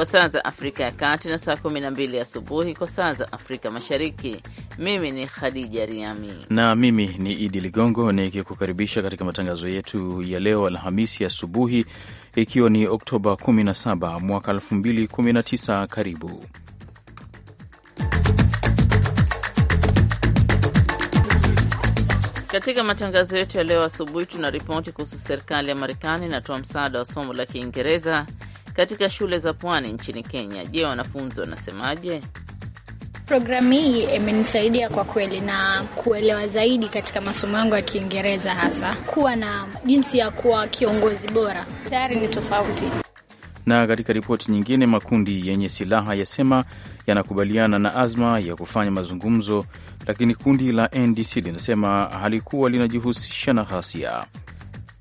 kwa saa za Afrika ya Kati na saa 12 asubuhi kwa saa za Afrika Mashariki. Mimi ni Khadija Riami na mimi ni Idi Ligongo nikikukaribisha katika matangazo yetu ya leo Alhamisi asubuhi, ikiwa ni Oktoba 17 mwaka 2019. Karibu Katika matangazo yetu ya leo asubuhi, tuna ripoti kuhusu serikali ya Marekani inatoa msaada wa somo la Kiingereza katika shule za pwani nchini Kenya. Je, wanafunzi wanasemaje? Programu hii imenisaidia kwa kweli na kuelewa zaidi katika masomo yangu ya Kiingereza, hasa kuwa na jinsi ya kuwa kiongozi bora. Tayari ni tofauti. Na katika ripoti nyingine, makundi yenye silaha yasema yanakubaliana na azma ya kufanya mazungumzo, lakini kundi la NDC linasema halikuwa linajihusisha na ghasia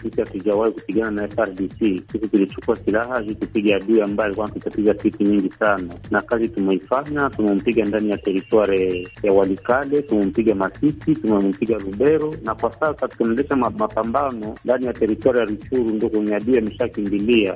sisi hatujawahi kupigana na FRDC. Sisi tulichukua silaha ili kupiga adui ambaye alikuwa anatutatiza siti nyingi sana, na kazi tumeifanya. Tumempiga ndani ya teritwari ya Walikale, tumempiga Masisi, tumempiga Lubero, na kwa sasa tunaendesha mapambano ndani ya teritwari ya Ruchuru, ndo kwenye adui ameshakimbilia.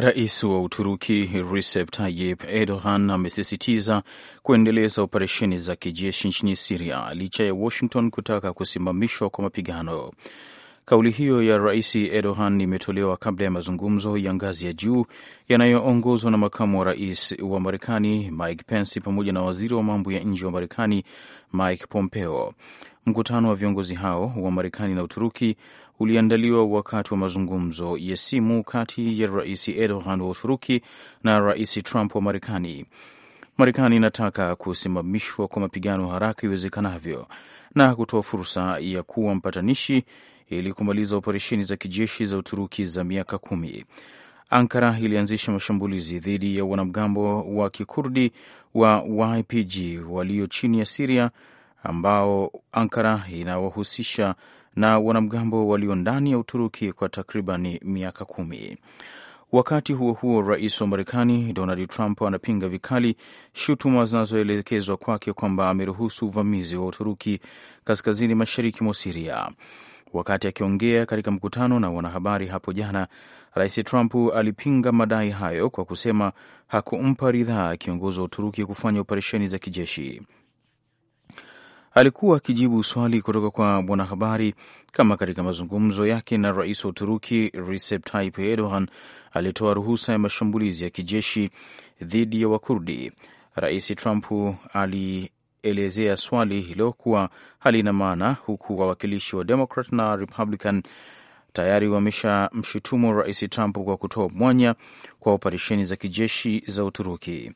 Rais wa Uturuki Recep Tayyip Erdogan amesisitiza kuendeleza operesheni za kijeshi nchini Siria licha ya Washington kutaka kusimamishwa kwa mapigano. Kauli hiyo ya Rais Erdogan imetolewa kabla ya mazungumzo ya ngazi ya juu yanayoongozwa na makamu wa rais wa Marekani Mike Pence pamoja na waziri wa mambo ya nje wa Marekani Mike Pompeo. Mkutano wa viongozi hao wa Marekani na Uturuki uliandaliwa wakati wa mazungumzo ya simu kati ya Rais Erdogan wa Uturuki na Rais Trump wa Marekani. Marekani inataka kusimamishwa kwa mapigano haraka iwezekanavyo na kutoa fursa ya kuwa mpatanishi ili kumaliza operesheni za kijeshi za Uturuki za miaka kumi. Ankara ilianzisha mashambulizi dhidi ya wanamgambo wa kikurdi wa YPG walio chini ya Siria ambao Ankara inawahusisha na wanamgambo walio ndani ya Uturuki kwa takriban miaka kumi. Wakati huo huo, rais wa Marekani Donald Trump anapinga vikali shutuma zinazoelekezwa kwake kwamba ameruhusu uvamizi wa Uturuki kaskazini mashariki mwa Siria. Wakati akiongea katika mkutano na wanahabari hapo jana, rais Trump alipinga madai hayo kwa kusema hakumpa ridhaa kiongozi wa Uturuki kufanya operesheni za kijeshi alikuwa akijibu swali kutoka kwa mwanahabari kama katika mazungumzo yake na rais wa Uturuki Recep Tayyip Erdogan alitoa ruhusa ya mashambulizi ya kijeshi dhidi ya Wakurdi. Rais Trump alielezea swali hilo kuwa halina maana, huku wawakilishi wa demokrat na Republican tayari mshutumu rais Trump kwa kutoa mwanya kwa operesheni za kijeshi za Uturuki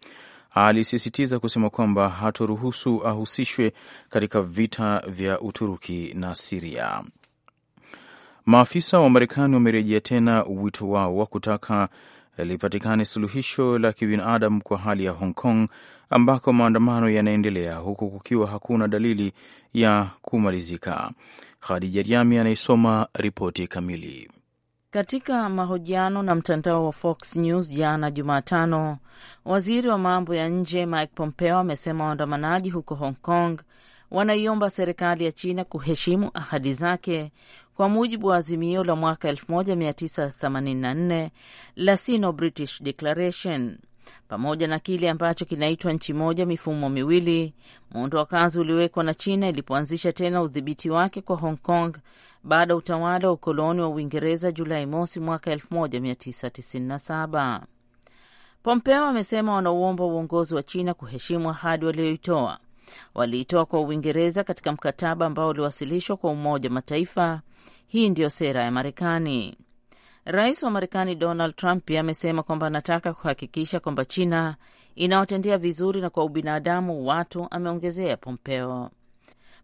alisisitiza kusema kwamba hatoruhusu ahusishwe katika vita vya Uturuki na Siria. Maafisa wa Marekani wamerejea tena wito wao wa kutaka lipatikane suluhisho la kibinadamu kwa hali ya Hong Kong ambako maandamano yanaendelea huku kukiwa hakuna dalili ya kumalizika. Khadija Riami anayesoma ripoti kamili. Katika mahojiano na mtandao wa Fox News jana Jumatano, waziri wa mambo ya nje Mike Pompeo amesema waandamanaji huko Hong Kong wanaiomba serikali ya China kuheshimu ahadi zake kwa mujibu wa azimio la mwaka 1984 la Sino British Declaration pamoja na kile ambacho kinaitwa nchi moja mifumo miwili. Muundo wa kazi uliwekwa na China ilipoanzisha tena udhibiti wake kwa Hong Kong baada ya utawala wa ukoloni wa Uingereza Julai mosi mwaka 1997. Pompeo amesema wanauomba uongozi wa China kuheshimu ahadi walioitoa waliitoa kwa Uingereza katika mkataba ambao uliwasilishwa kwa Umoja Mataifa. Hii ndiyo sera ya Marekani. Rais wa Marekani Donald Trump pia amesema kwamba anataka kuhakikisha kwamba China inawatendea vizuri na kwa ubinadamu watu, ameongezea Pompeo.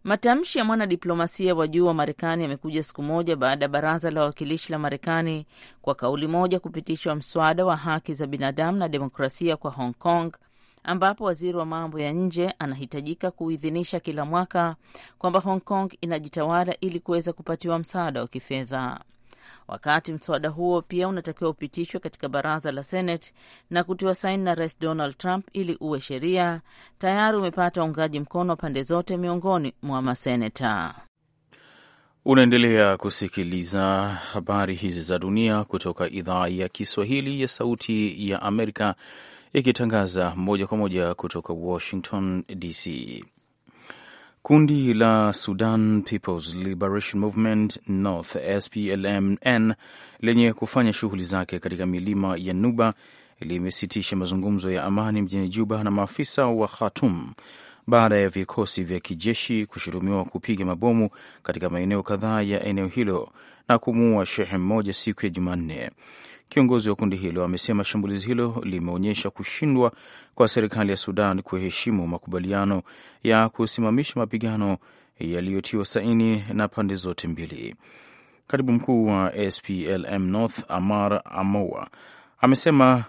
Matamshi ya mwanadiplomasia wa juu wa Marekani yamekuja siku moja baada ya baraza la wawakilishi la Marekani kwa kauli moja kupitishwa mswada wa haki za binadamu na demokrasia kwa Hong Kong, ambapo waziri wa mambo ya nje anahitajika kuidhinisha kila mwaka kwamba Hong Kong inajitawala ili kuweza kupatiwa msaada wa kifedha wakati mswada huo pia unatakiwa upitishwe katika baraza la Senate na kutiwa saini na Rais Donald Trump ili uwe sheria, tayari umepata uungaji mkono wa pande zote miongoni mwa maseneta. Unaendelea kusikiliza habari hizi za dunia kutoka idhaa ya Kiswahili ya Sauti ya Amerika, ikitangaza moja kwa moja kutoka Washington DC. Kundi la Sudan People's Liberation Movement North SPLMN lenye kufanya shughuli zake katika milima ya Nuba limesitisha mazungumzo ya amani mjini Juba na maafisa wa Khartoum baada ya vikosi vya kijeshi kushutumiwa kupiga mabomu katika maeneo kadhaa ya eneo hilo na kumuua shehe mmoja siku ya Jumanne. Kiongozi wa kundi hilo amesema shambulizi hilo limeonyesha kushindwa kwa serikali ya Sudan kuheshimu makubaliano ya kusimamisha mapigano yaliyotiwa saini na pande zote mbili. Katibu mkuu wa SPLM North Amar amoa amesema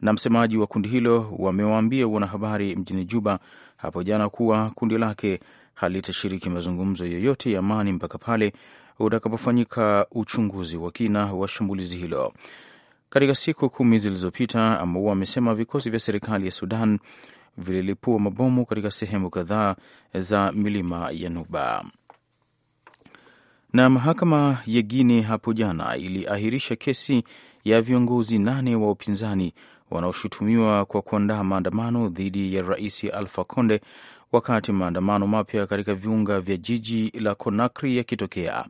na msemaji wa kundi hilo wamewaambia wanahabari mjini Juba hapo jana kuwa kundi lake halitashiriki mazungumzo yoyote ya amani mpaka pale utakapofanyika uchunguzi wa kina wa shambulizi hilo katika siku kumi zilizopita, ambao amesema vikosi vya serikali ya Sudan vililipua mabomu katika sehemu kadhaa za milima ya Nuba. Na mahakama ya Guine hapo jana iliahirisha kesi ya viongozi nane wa upinzani wanaoshutumiwa kwa kuandaa maandamano dhidi ya rais alfa Conde wakati maandamano mapya katika viunga vya jiji la Conakry yakitokea.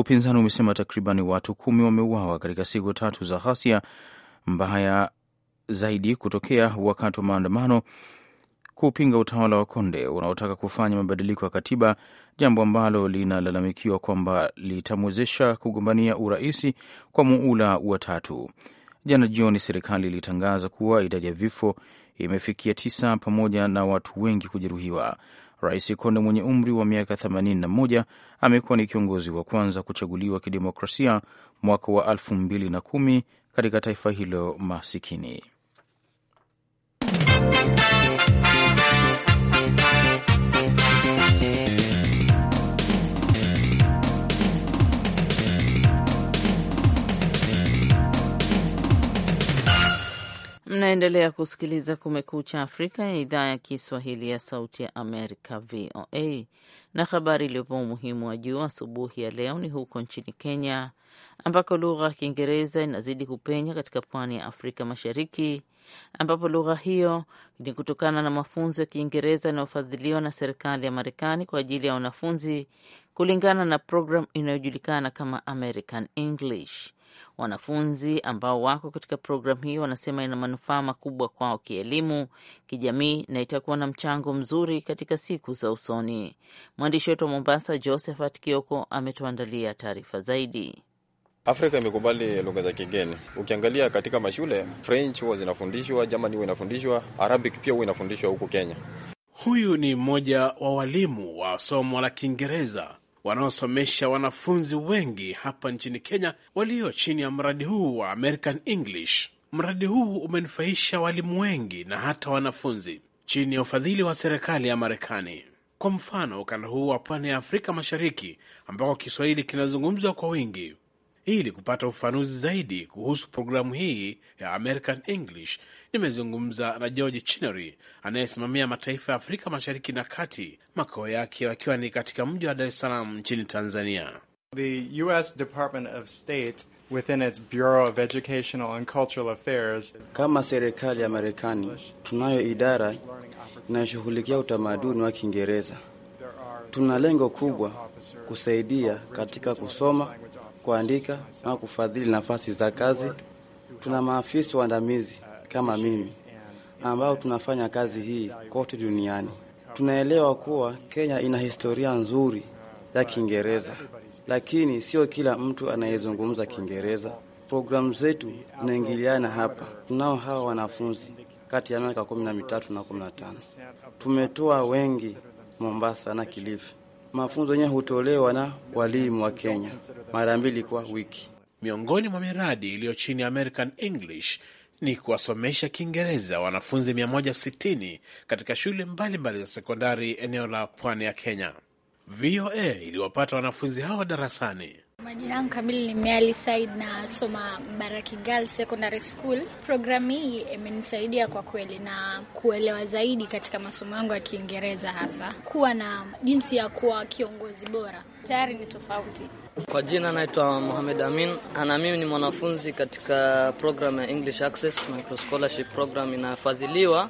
Upinzani umesema takribani watu kumi wameuawa katika siku tatu za ghasia mbaya zaidi kutokea wakati wa maandamano kupinga utawala wa Konde unaotaka kufanya mabadiliko ya katiba, jambo ambalo linalalamikiwa kwamba litamwezesha kugombania uraisi kwa muula wa tatu. Jana jioni, serikali ilitangaza kuwa idadi ya vifo imefikia tisa pamoja na watu wengi kujeruhiwa. Rais Konde mwenye umri wa miaka 81 amekuwa ni kiongozi wa kwanza kuchaguliwa kidemokrasia mwaka wa 2010 katika taifa hilo masikini. Mnaendelea kusikiliza Kumekucha Afrika ya idhaa ya Kiswahili ya Sauti ya Amerika, VOA. Na habari iliyopo umuhimu wa juu asubuhi ya leo ni huko nchini Kenya, ambako lugha ya Kiingereza inazidi kupenya katika pwani ya Afrika Mashariki, ambapo lugha hiyo ni kutokana na mafunzo ya Kiingereza yanayofadhiliwa na serikali ya Marekani kwa ajili ya wanafunzi kulingana na programu inayojulikana kama American English. Wanafunzi ambao wako katika programu hiyo wanasema ina manufaa makubwa kwao kielimu, kijamii na itakuwa na mchango mzuri katika siku za usoni. Mwandishi wetu wa Mombasa, Josephat Kioko, ametuandalia taarifa zaidi. Afrika imekubali lugha za kigeni. Ukiangalia katika mashule, French huwa zinafundishwa, German huwa inafundishwa, Arabic pia huwa inafundishwa huku Kenya. Huyu ni mmoja wa walimu wa somo la Kiingereza wanaosomesha wanafunzi wengi hapa nchini Kenya walio chini ya mradi huu wa American English. Mradi huu umenufaisha walimu wengi na hata wanafunzi chini ya ufadhili wa serikali ya Marekani. Kwa mfano, ukanda huu wa pwani ya Afrika Mashariki ambako Kiswahili kinazungumzwa kwa wingi ili kupata ufanuzi zaidi kuhusu programu hii ya American English, nimezungumza na George Chinery anayesimamia mataifa ya Afrika Mashariki na Kati, makao yake wakiwa ni katika mji wa Dar es Salaam nchini Tanzania. The US Department of State within its Bureau of Educational and Cultural Affairs. Kama serikali ya Marekani tunayo idara inayoshughulikia utamaduni wa Kiingereza. Tuna lengo kubwa kusaidia katika kusoma kuandika na kufadhili nafasi za kazi. Tuna maafisa waandamizi kama mimi ambao tunafanya kazi hii kote duniani. Tunaelewa kuwa Kenya ina historia nzuri ya Kiingereza, lakini sio kila mtu anayezungumza Kiingereza. Programu zetu zinaingiliana hapa. Tunao hawa wanafunzi kati ya miaka kumi na mitatu na kumi na tano. Tumetoa wengi Mombasa na Kilifi. Mafunzo yenyewe hutolewa na walimu wa Kenya mara mbili kwa wiki. Miongoni mwa miradi iliyo chini ya American English ni kuwasomesha Kiingereza wanafunzi 160 katika shule mbalimbali mbali za sekondari eneo la pwani ya Kenya. VOA iliwapata wanafunzi hao darasani Majina yangu kamili ni Meali Said na soma Mbaraki Girls Secondary School. Programu hii imenisaidia kwa kweli na kuelewa zaidi katika masomo yangu ya Kiingereza, hasa kuwa na jinsi ya kuwa kiongozi bora. Tayari ni tofauti. Kwa jina naitwa Mohamed Amin na mimi ni mwanafunzi katika programu ya English Access Scholarship program inayofadhiliwa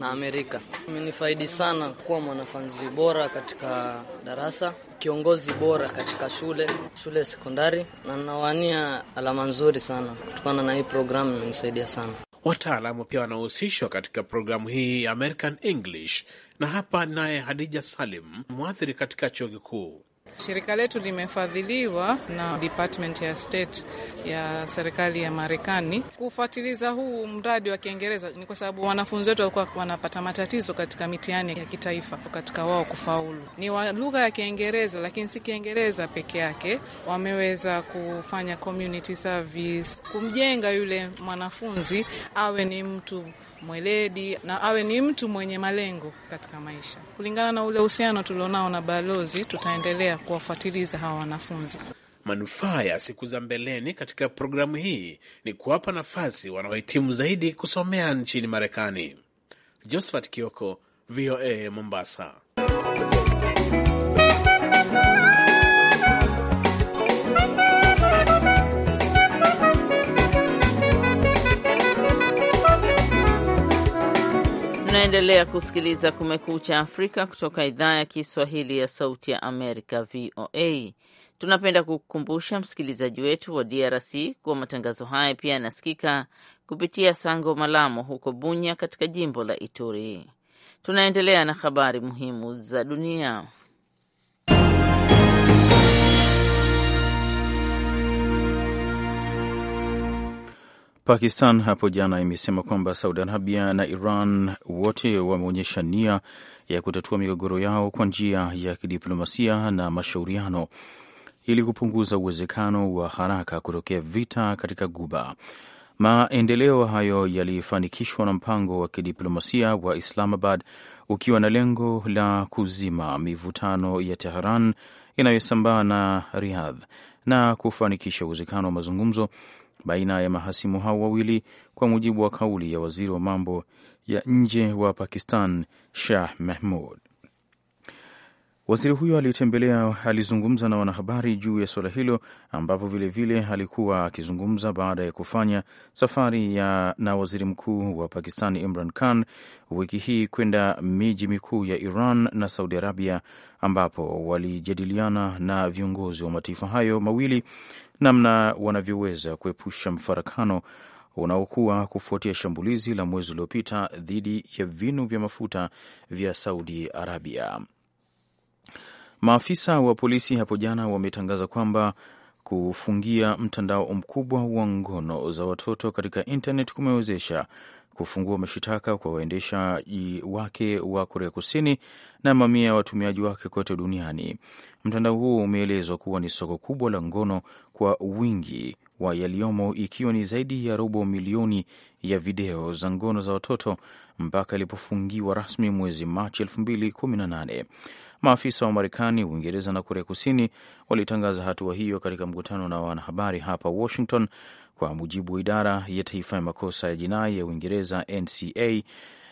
na Amerika. Imenifaidi sana kuwa mwanafunzi bora katika darasa kiongozi bora katika shule shule sekondari, na nawania alama nzuri sana kutokana na hii programu, imenisaidia sana. Wataalamu pia wanaohusishwa katika programu hii ya American English. Na hapa naye Hadija Salim, mwathiri katika chuo kikuu Shirika letu limefadhiliwa na Department ya State ya serikali ya Marekani kufuatiliza huu mradi wa Kiingereza. Ni kwa sababu wanafunzi wetu walikuwa wanapata matatizo katika mitihani ya kitaifa katika wao kufaulu. Ni wa lugha ya Kiingereza, lakini si Kiingereza peke yake. Wameweza kufanya community service, kumjenga yule mwanafunzi awe ni mtu mweledi na awe ni mtu mwenye malengo katika maisha. Kulingana na ule uhusiano tulionao na balozi, tutaendelea kuwafuatiliza hawa wanafunzi. Manufaa ya siku za mbeleni katika programu hii ni kuwapa nafasi wanaohitimu zaidi kusomea nchini Marekani. Josephat Kioko, VOA Mombasa. Mnaendelea kusikiliza Kumekucha Afrika kutoka idhaa ya Kiswahili ya Sauti ya Amerika, VOA. Tunapenda kukumbusha msikilizaji wetu wa DRC kuwa matangazo haya pia yanasikika kupitia Sango malamo huko Bunya, katika jimbo la Ituri. Tunaendelea na habari muhimu za dunia. Pakistan hapo jana imesema kwamba Saudi Arabia na Iran wote wameonyesha nia ya kutatua migogoro yao kwa njia ya kidiplomasia na mashauriano ili kupunguza uwezekano wa haraka kutokea vita katika Guba. Maendeleo hayo yalifanikishwa na mpango wa kidiplomasia wa Islamabad ukiwa na lengo la kuzima mivutano ya Teheran inayosambaa na Riyadh na kufanikisha uwezekano wa mazungumzo baina ya mahasimu hao wawili, kwa mujibu wa kauli ya waziri wa mambo ya nje wa Pakistan Shah Mahmud. Waziri huyo alitembelea, alizungumza na wanahabari juu ya suala hilo, ambapo vilevile alikuwa akizungumza baada ya kufanya safari ya na waziri mkuu wa Pakistan Imran Khan wiki hii kwenda miji mikuu ya Iran na Saudi Arabia, ambapo walijadiliana na viongozi wa mataifa hayo mawili namna wanavyoweza kuepusha mfarakano unaokuwa kufuatia shambulizi la mwezi uliopita dhidi ya vinu vya mafuta vya Saudi Arabia. Maafisa wa polisi hapo jana wametangaza kwamba kufungia mtandao mkubwa wa ngono za watoto katika intnet kumewezesha kufungua mashitaka kwa waendeshaji wake wa Korea Kusini na mamia ya watumiaji wake kote duniani. Mtandao huo umeelezwa kuwa ni soko kubwa la ngono kwa wingi wa yaliyomo, ikiwa ni zaidi ya robo milioni ya video za ngono za watoto mpaka ilipofungiwa rasmi mwezi Machi 2018. Maafisa wa Marekani, Uingereza na Korea Kusini walitangaza hatua hiyo katika mkutano na wanahabari hapa Washington, kwa mujibu wa idara ya taifa ya makosa ya jinai ya Uingereza, NCA.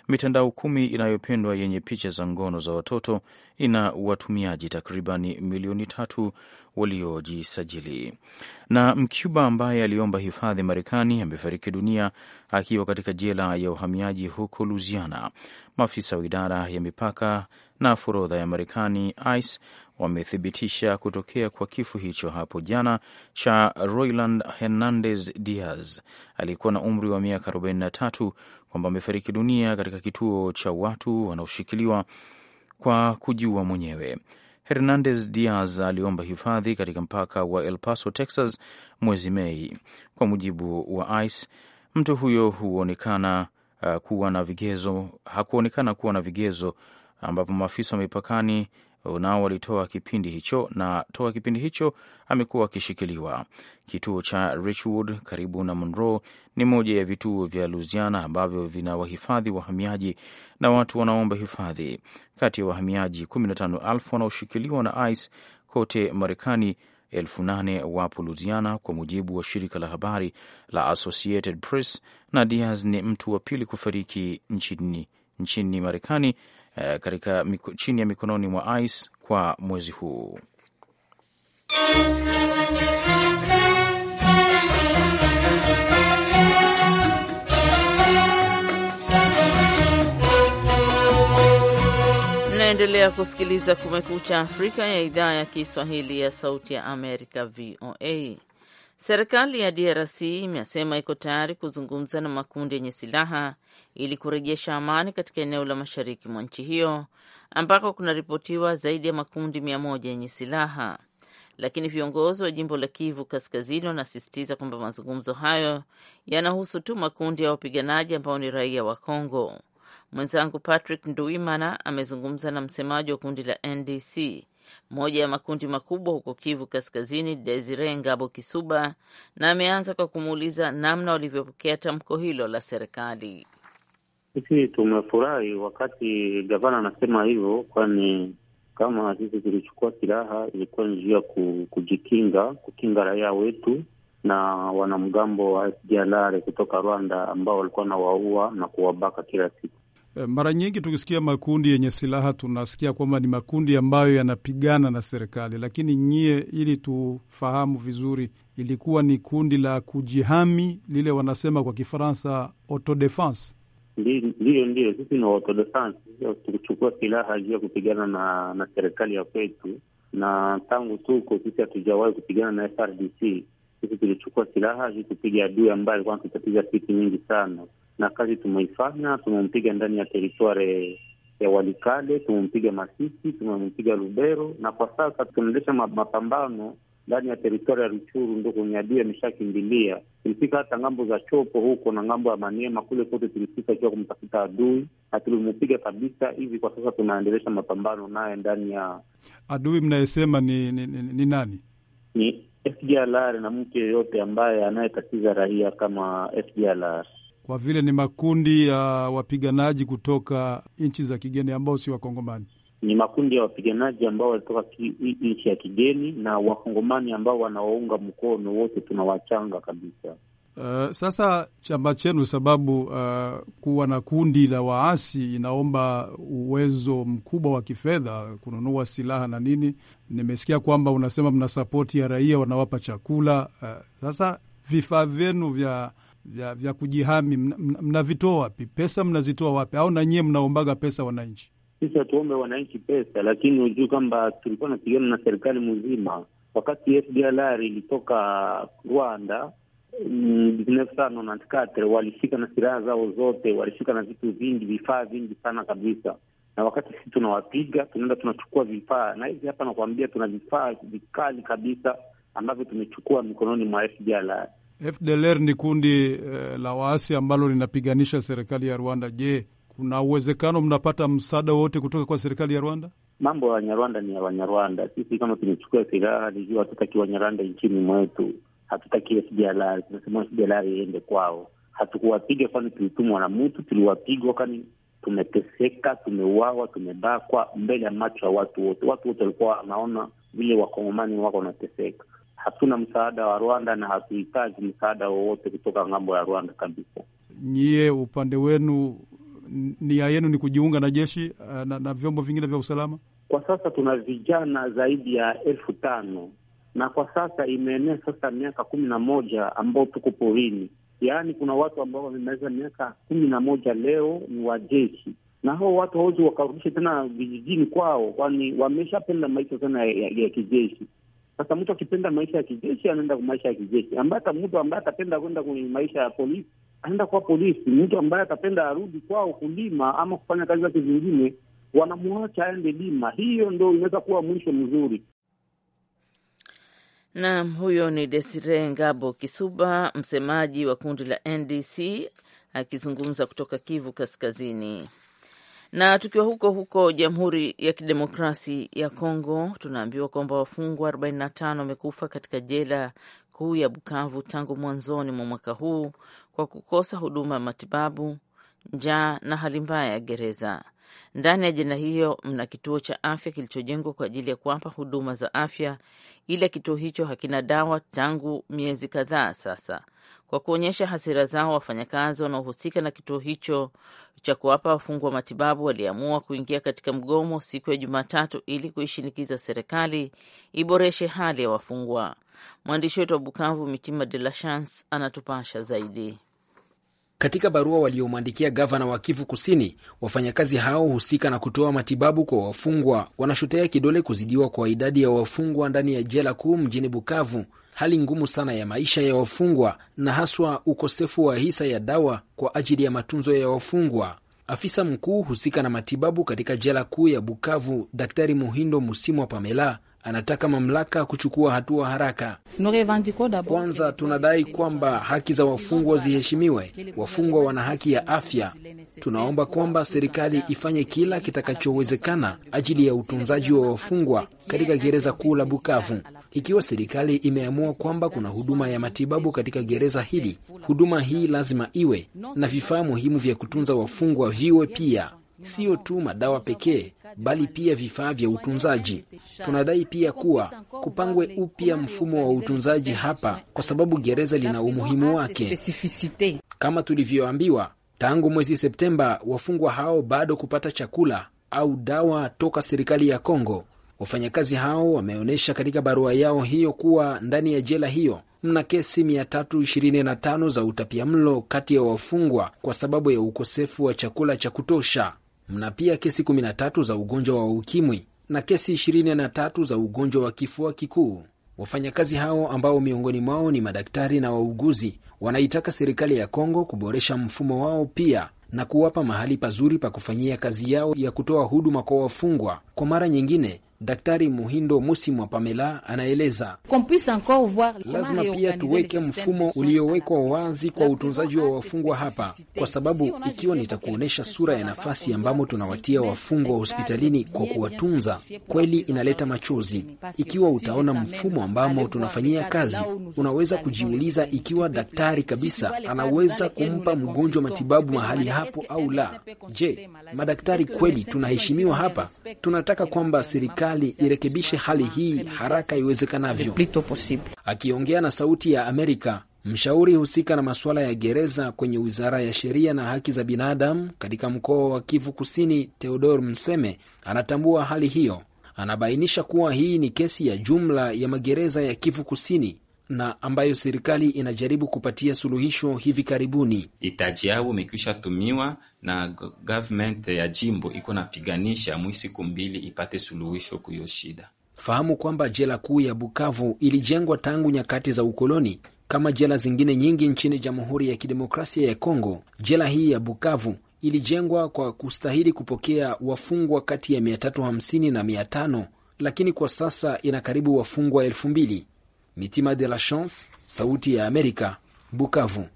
Mitandao kumi inayopendwa yenye picha za ngono za watoto ina watumiaji takribani milioni tatu waliojisajili. Na Mcuba ambaye aliomba hifadhi Marekani amefariki dunia akiwa katika jela ya uhamiaji huko Louisiana. Maafisa wa idara ya mipaka na forodha ya Marekani ICE wamethibitisha kutokea kwa kifo hicho hapo jana cha Royland Hernandez Diaz aliyekuwa na umri wa miaka 43 kwamba amefariki dunia katika kituo cha watu wanaoshikiliwa kwa kujiua mwenyewe. Hernandez Diaz aliomba hifadhi katika mpaka wa El Paso, Texas mwezi Mei. Kwa mujibu wa ICE, mtu huyo huonekana uh, kuwa na vigezo hakuonekana kuwa na vigezo ambapo maafisa wa mipakani nao walitoa kipindi hicho na toa kipindi hicho amekuwa akishikiliwa. Kituo cha Richwood karibu na Monroe ni moja ya vituo vya Louisiana ambavyo vina wahifadhi wahamiaji na watu wanaomba hifadhi. Kati ya wahamiaji 15,000 wanaoshikiliwa na ICE kote Marekani, elfu nane wapo Louisiana, kwa mujibu wa shirika la habari la Associated Press. Na Diaz ni mtu wa pili kufariki nchini, nchini Marekani Eh, katika chini ya mikononi mwa ICE kwa mwezi huu. Endelea kusikiliza Kumekucha Afrika ya idhaa ya Kiswahili ya Sauti ya Amerika, VOA. Serikali ya DRC imesema iko tayari kuzungumza na makundi yenye silaha ili kurejesha amani katika eneo la mashariki mwa nchi hiyo ambako kunaripotiwa zaidi ya makundi mia moja yenye silaha, lakini viongozi wa jimbo la Kivu Kaskazini wanasisitiza kwamba mazungumzo hayo yanahusu tu makundi ya wapiganaji ambao ni raia wa Kongo. Mwenzangu Patrick Nduimana amezungumza na msemaji wa kundi la NDC moja ya makundi makubwa huko Kivu Kaskazini, Desire Ngabo Kisuba, na ameanza kwa kumuuliza namna walivyopokea tamko hilo la serikali. Sisi tumefurahi wakati gavana anasema hivyo, kwani kama sisi tulichukua silaha ilikuwa njia ya kujikinga, kukinga raia wetu na wanamgambo wa FDLR kutoka Rwanda ambao walikuwa na waua na kuwabaka kila siku. Eh, mara nyingi tukisikia makundi yenye silaha tunasikia kwamba ni makundi ambayo yanapigana na serikali, lakini nyie, ili tufahamu vizuri, ilikuwa ni kundi la kujihami, lile wanasema kwa Kifaransa autodefense. Ndiyo, ndiyo, sisi ni autodefense, tukuchukua silaha juu ya kupigana na na serikali ya kwetu, na tangu tuko sisi hatujawahi kupigana na FRDC. Sisi tulichukua silaha juu kupiga adui ambaye alikuwa anatutatiza siku nyingi sana na kazi tumeifanya. Tumempiga ndani ya teritwari ya Walikale, tumempiga Masisi, tumempiga Lubero, na kwa sasa tunaendesha mapambano ndani ya teritwari ya Ruchuru, ndo kwenye adui ameshakimbilia. Tulifika hata ngambo za Chopo huko na ngambo ya Maniema kule, kote tulifika ikiwa kumtafuta adui na tulimupiga kabisa. Hivi kwa sasa tunaendelesha mapambano naye ndani ya adui. Mnayesema ni, ni, ni, ni nani? Ni FDLR na mtu yeyote ambaye anayetatiza raia kama FDLR kwa vile ni makundi ya wapiganaji kutoka nchi za kigeni ambao si Wakongomani. Ni makundi ya wapiganaji ambao walitoka nchi ya kigeni na Wakongomani ambao wanawaunga mkono wote tunawachanga kabisa. Uh, sasa chama chenu sababu uh, kuwa na kundi la waasi inaomba uwezo mkubwa wa kifedha kununua silaha na nini. Nimesikia kwamba unasema mna sapoti ya raia, wanawapa chakula uh, sasa vifaa vyenu vya vya, vya kujihami mnavitoa wapi? Pesa mnazitoa wapi? Au na nyie mnaombaga pesa wananchi? Sisi hatuombe wananchi pesa, lakini hujui kwamba tulikuwa napigana na serikali mzima wakati FDLR ilitoka Rwanda tano mm, na walifika na silaha zao zote, walifika na vitu vingi, vifaa vingi sana kabisa. Na wakati sisi tunawapiga, tunaenda tunachukua vifaa, na hivi hapa nakuambia, tuna vifaa vikali kabisa ambavyo tumechukua mikononi mwa FDLR. FDLR ni kundi eh, la waasi ambalo linapiganisha serikali ya Rwanda. Je, kuna uwezekano mnapata msaada wote kutoka kwa serikali ya Rwanda? Mambo ya Wanyarwanda ni ya Wanyarwanda. Sisi kama tumechukua silaha nijua, hatutaki Wanyarwanda nchini mwetu, hatutaki FDLR. Tunasema FDLR iende kwao. Hatukuwapiga kwani tulitumwa na mtu, tuliwapigwa kwani tumeteseka, tumeuawa, tumebakwa mbele ya macho ya watu wote. Watu wote walikuwa wanaona vile wakongomani wako wanateseka hatuna msaada wa Rwanda na hatuhitaji msaada wowote kutoka ng'ambo ya Rwanda kabisa. Nyie upande wenu, nia yenu ni kujiunga na jeshi eh, na, na vyombo vingine vya usalama? Kwa sasa tuna vijana zaidi ya elfu tano na kwa sasa imeenea sasa miaka kumi na moja ambao tuko porini, yaani kuna watu ambao wamemaliza miaka kumi na moja leo ni wajeshi, na hao watu hawezi wakarudisha tena vijijini kwao, kwani wameshapenda maisha sana ya, ya, ya kijeshi. Sasa mtu akipenda maisha ya kijeshi anaenda maisha ya kijeshi, ambaye mtu ambaye atapenda kwenda kwenye maisha ya polisi anaenda kuwa polisi. Mtu ambaye atapenda arudi kwao kulima ama kufanya kazi zake zingine, wanamwacha aende lima. Hiyo ndo inaweza kuwa mwisho mzuri. Naam, huyo ni Desire Ngabo Kisuba, msemaji wa kundi la NDC akizungumza kutoka Kivu Kaskazini. Na tukiwa huko huko Jamhuri ya Kidemokrasi ya Kongo, tunaambiwa kwamba wafungwa 45 wamekufa katika jela kuu ya Bukavu tangu mwanzoni mwa mwaka huu kwa kukosa huduma ya matibabu, njaa na hali mbaya ya gereza. Ndani ya jela hiyo mna kituo cha afya kilichojengwa kwa ajili ya kuwapa huduma za afya, ila kituo hicho hakina dawa tangu miezi kadhaa sasa kwa kuonyesha hasira zao. Wafanyakazi wanaohusika na kituo hicho cha kuwapa wafungwa matibabu waliamua kuingia katika mgomo siku ya Jumatatu ili kuishinikiza serikali iboreshe hali ya wafungwa. Mwandishi wetu wa Bukavu, Mitima De La Chance, anatupasha zaidi. Katika barua waliomwandikia gavana wa Kivu Kusini, wafanyakazi hao husika na kutoa matibabu kwa wafungwa wanashutea kidole kuzidiwa kwa idadi ya wafungwa ndani ya jela kuu mjini Bukavu hali ngumu sana ya maisha ya wafungwa na haswa ukosefu wa hisa ya dawa kwa ajili ya matunzo ya wafungwa. Afisa mkuu husika na matibabu katika jela kuu ya Bukavu, Daktari Muhindo Musimwa Pamela anataka mamlaka kuchukua hatua haraka. Kwanza tunadai kwamba haki za wafungwa ziheshimiwe. Wafungwa wana haki ya afya. Tunaomba kwamba serikali ifanye kila kitakachowezekana ajili ya utunzaji wa wafungwa katika gereza kuu la Bukavu. Ikiwa serikali imeamua kwamba kuna huduma ya matibabu katika gereza hili, huduma hii lazima iwe na vifaa muhimu vya kutunza wafungwa viwe pia, siyo tu madawa pekee bali pia vifaa vya utunzaji. Tunadai pia kuwa kupangwe upya mfumo wa utunzaji hapa, kwa sababu gereza lina umuhimu wake. Kama tulivyoambiwa, tangu mwezi Septemba wafungwa hao bado kupata chakula au dawa toka serikali ya Kongo. Wafanyakazi hao wameonyesha katika barua yao hiyo kuwa ndani ya jela hiyo mna kesi 325 za utapiamlo kati ya wafungwa kwa sababu ya ukosefu wa chakula cha kutosha. Mna pia kesi 13 za ugonjwa wa ukimwi na kesi 23 za ugonjwa wa kifua kikuu. Wafanyakazi hao ambao miongoni mwao ni madaktari na wauguzi wanaitaka serikali ya Kongo kuboresha mfumo wao pia na kuwapa mahali pazuri pa kufanyia kazi yao ya kutoa huduma kwa wafungwa. Kwa mara nyingine, Daktari Muhindo Musimwa Pamela anaeleza, lazima pia tuweke mfumo uliowekwa wazi kwa utunzaji wa wafungwa hapa, kwa sababu ikiwa nitakuonyesha sura ya nafasi ambamo tunawatia wafungwa hospitalini kwa kuwatunza, kweli inaleta machozi. Ikiwa utaona mfumo ambamo tunafanyia kazi, unaweza kujiuliza ikiwa daktari kabisa anaweza kumpa mgonjwa matibabu mahali hapo au la. Je, madaktari kweli tunaheshimiwa hapa? Tunataka kwamba serikali serikali irekebishe hali hii haraka iwezekanavyo. Akiongea na Sauti ya Amerika, mshauri husika na masuala ya gereza kwenye Wizara ya Sheria na Haki za Binadamu katika mkoa wa Kivu Kusini, Theodor Mseme, anatambua hali hiyo. Anabainisha kuwa hii ni kesi ya jumla ya magereza ya Kivu Kusini na ambayo serikali inajaribu kupatia suluhisho hivi karibuni. Itaji yao imekwisha tumiwa na government ya jimbo iko napiganisha mwi siku mbili ipate suluhisho kuyo shida. Fahamu kwamba jela kuu ya Bukavu ilijengwa tangu nyakati za ukoloni kama jela zingine nyingi nchini Jamhuri ya Kidemokrasia ya Kongo. Jela hii ya Bukavu ilijengwa kwa kustahili kupokea wafungwa kati ya 350 na 500, lakini kwa sasa ina karibu wafungwa elfu mbili. Mitima de la Chance, Sauti ya Amerika, Bukavu.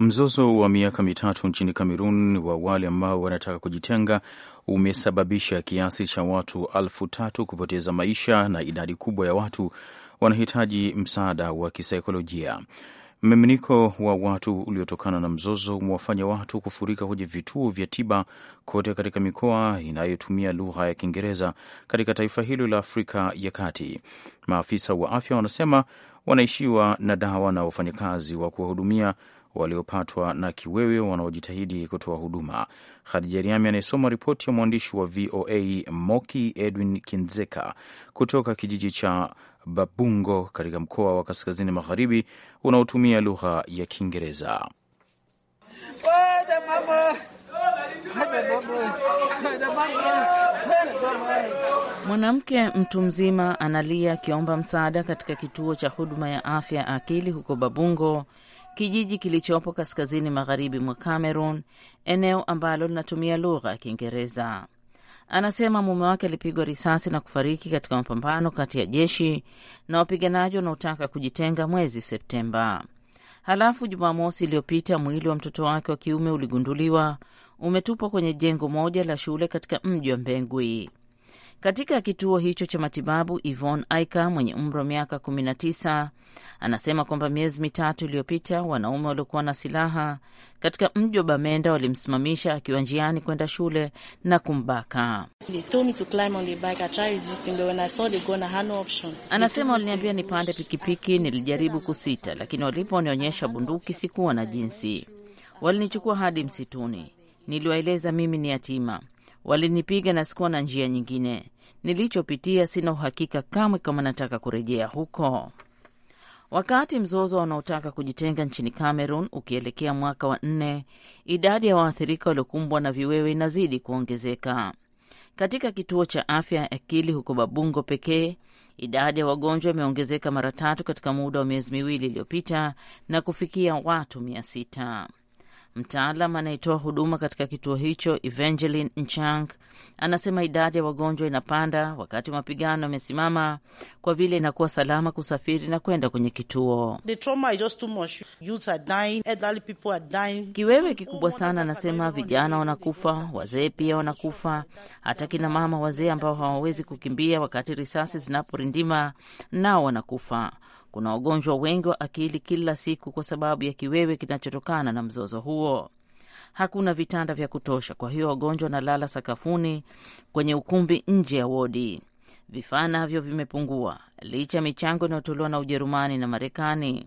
Mzozo wa miaka mitatu nchini Kamerun wa wale ambao wanataka kujitenga umesababisha kiasi cha watu alfu tatu kupoteza maisha na idadi kubwa ya watu wanahitaji msaada wa kisaikolojia. Mmiminiko wa watu uliotokana na mzozo umewafanya watu kufurika kwenye vituo vya tiba kote katika mikoa inayotumia lugha ya Kiingereza katika taifa hilo la Afrika ya Kati. Maafisa wa afya wanasema wanaishiwa na dawa na wafanyakazi wa kuwahudumia waliopatwa na kiwewe wanaojitahidi kutoa huduma. Khadija Riami anayesoma ripoti ya mwandishi wa VOA Moki Edwin Kinzeka kutoka kijiji cha Babungo katika mkoa wa kaskazini magharibi unaotumia lugha ya Kiingereza. Mwanamke mtu mzima analia akiomba msaada katika kituo cha huduma ya afya ya akili huko Babungo kijiji kilichopo kaskazini magharibi mwa Cameroon, eneo ambalo linatumia lugha ya Kiingereza. Anasema mume wake alipigwa risasi na kufariki katika mapambano kati ya jeshi na wapiganaji wanaotaka kujitenga mwezi Septemba. Halafu Jumamosi iliyopita mwili wa mtoto wake wa kiume uligunduliwa umetupwa kwenye jengo moja la shule katika mji wa Mbengwi. Katika kituo hicho cha matibabu, Yvonne Aika mwenye umri wa miaka 19 anasema kwamba miezi mitatu iliyopita wanaume waliokuwa na silaha katika mji wa Bamenda walimsimamisha akiwa njiani kwenda shule na kumbaka. Anasema waliniambia nipande pikipiki, nilijaribu kusita, lakini waliponionyesha bunduki sikuwa na jinsi. Walinichukua hadi msituni. Niliwaeleza mimi ni yatima walinipiga na sikuwa na njia nyingine. Nilichopitia sina uhakika kamwe kama nataka kurejea huko. Wakati mzozo wanaotaka kujitenga nchini Cameroon ukielekea mwaka wa nne, idadi ya waathirika waliokumbwa na viwewe inazidi kuongezeka. Katika kituo cha afya ya akili huko Babungo pekee, idadi ya wagonjwa imeongezeka mara tatu katika muda wa miezi miwili iliyopita na kufikia watu mia sita. Mtaalam anayetoa huduma katika kituo hicho Evangeline Nchang anasema idadi ya wagonjwa inapanda wakati wa mapigano yamesimama, kwa vile inakuwa salama kusafiri na kwenda kwenye kituo. Kiwewe kikubwa sana, anasema vijana wanakufa, wazee pia wanakufa, hata kina mama wazee ambao hawawezi kukimbia wakati risasi zinaporindima nao wanakufa kuna wagonjwa wengi wa akili kila siku kwa sababu ya kiwewe kinachotokana na mzozo huo. Hakuna vitanda vya kutosha, kwa hiyo wagonjwa wanalala sakafuni kwenye ukumbi nje ya wodi. Vifaa navyo vimepungua licha ya michango inayotolewa na Ujerumani na Marekani.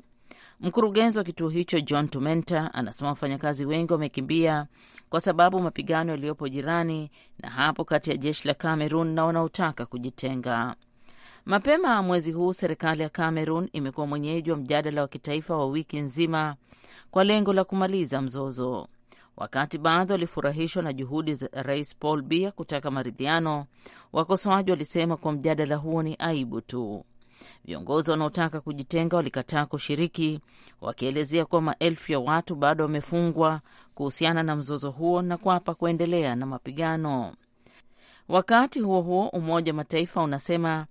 Mkurugenzi wa kituo hicho John Tumenta anasema wafanyakazi wengi wamekimbia kwa sababu mapigano yaliyopo jirani na hapo kati ya jeshi la Cameroon na wanaotaka kujitenga. Mapema mwezi huu serikali ya Cameroon imekuwa mwenyeji wa mjadala wa kitaifa wa wiki nzima kwa lengo la kumaliza mzozo. Wakati baadhi walifurahishwa na juhudi za Rais Paul Biya kutaka maridhiano, wakosoaji walisema kuwa mjadala huo ni aibu tu. Viongozi wanaotaka kujitenga walikataa kushiriki, wakielezea kuwa maelfu ya watu bado wamefungwa kuhusiana na mzozo huo na kuapa kuendelea na mapigano. Wakati huo huo, Umoja wa Mataifa unasema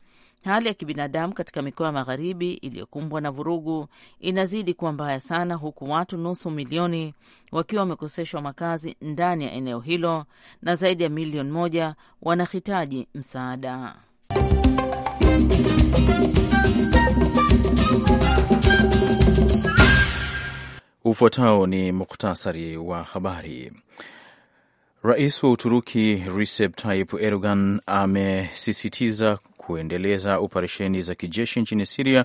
Hali ya kibinadamu katika mikoa ya magharibi iliyokumbwa na vurugu inazidi kuwa mbaya sana, huku watu nusu milioni wakiwa wamekoseshwa makazi ndani ya eneo hilo na zaidi ya milioni moja wanahitaji msaada. Ufuatao ni muktasari wa habari. Rais wa Uturuki Recep Tayyip Erdogan amesisitiza kuendeleza operesheni za kijeshi nchini Siria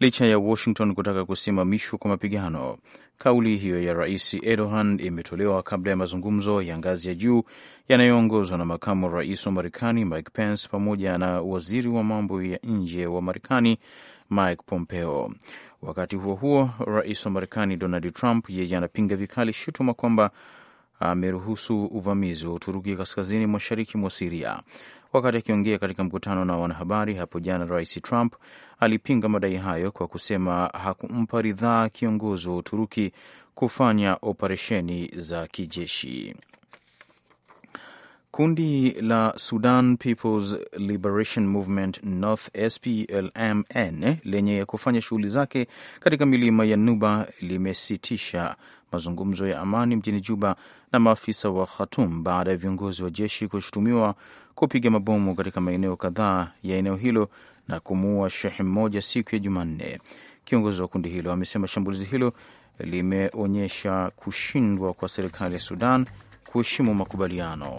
licha ya Washington kutaka kusimamishwa kwa mapigano. Kauli hiyo ya Rais Erdogan imetolewa kabla ya mazungumzo ya ngazi ya juu yanayoongozwa na makamu rais wa Marekani Mike Pence pamoja na waziri wa mambo ya nje wa Marekani Mike Pompeo. Wakati huo huo, rais wa Marekani Donald Trump yeye anapinga vikali shutuma kwamba ameruhusu uvamizi wa Uturuki kaskazini mashariki mwa Siria. Wakati akiongea katika mkutano na wanahabari hapo jana, Rais Trump alipinga madai hayo kwa kusema hakumpa ridhaa kiongozi wa Uturuki kufanya operesheni za kijeshi. Kundi la Sudan People's Liberation Movement North SPLMN lenye kufanya shughuli zake katika milima ya Nuba limesitisha mazungumzo ya amani mjini Juba na maafisa wa Khartoum baada ya viongozi wa jeshi kushutumiwa kupiga mabomu katika maeneo kadhaa ya eneo hilo na kumuua shehe mmoja siku ya Jumanne. Kiongozi wa kundi hilo amesema shambulizi hilo limeonyesha kushindwa kwa serikali ya Sudan kuheshimu makubaliano.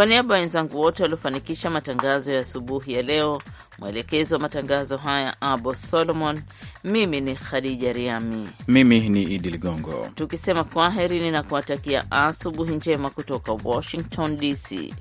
Kwa niaba ya wenzangu wote waliofanikisha matangazo ya asubuhi ya leo, mwelekezi wa matangazo haya Abo Solomon, mimi ni Khadija Riami, mimi ni Idi Ligongo, tukisema kwaherini na kuwatakia asubuhi njema kutoka Washington DC.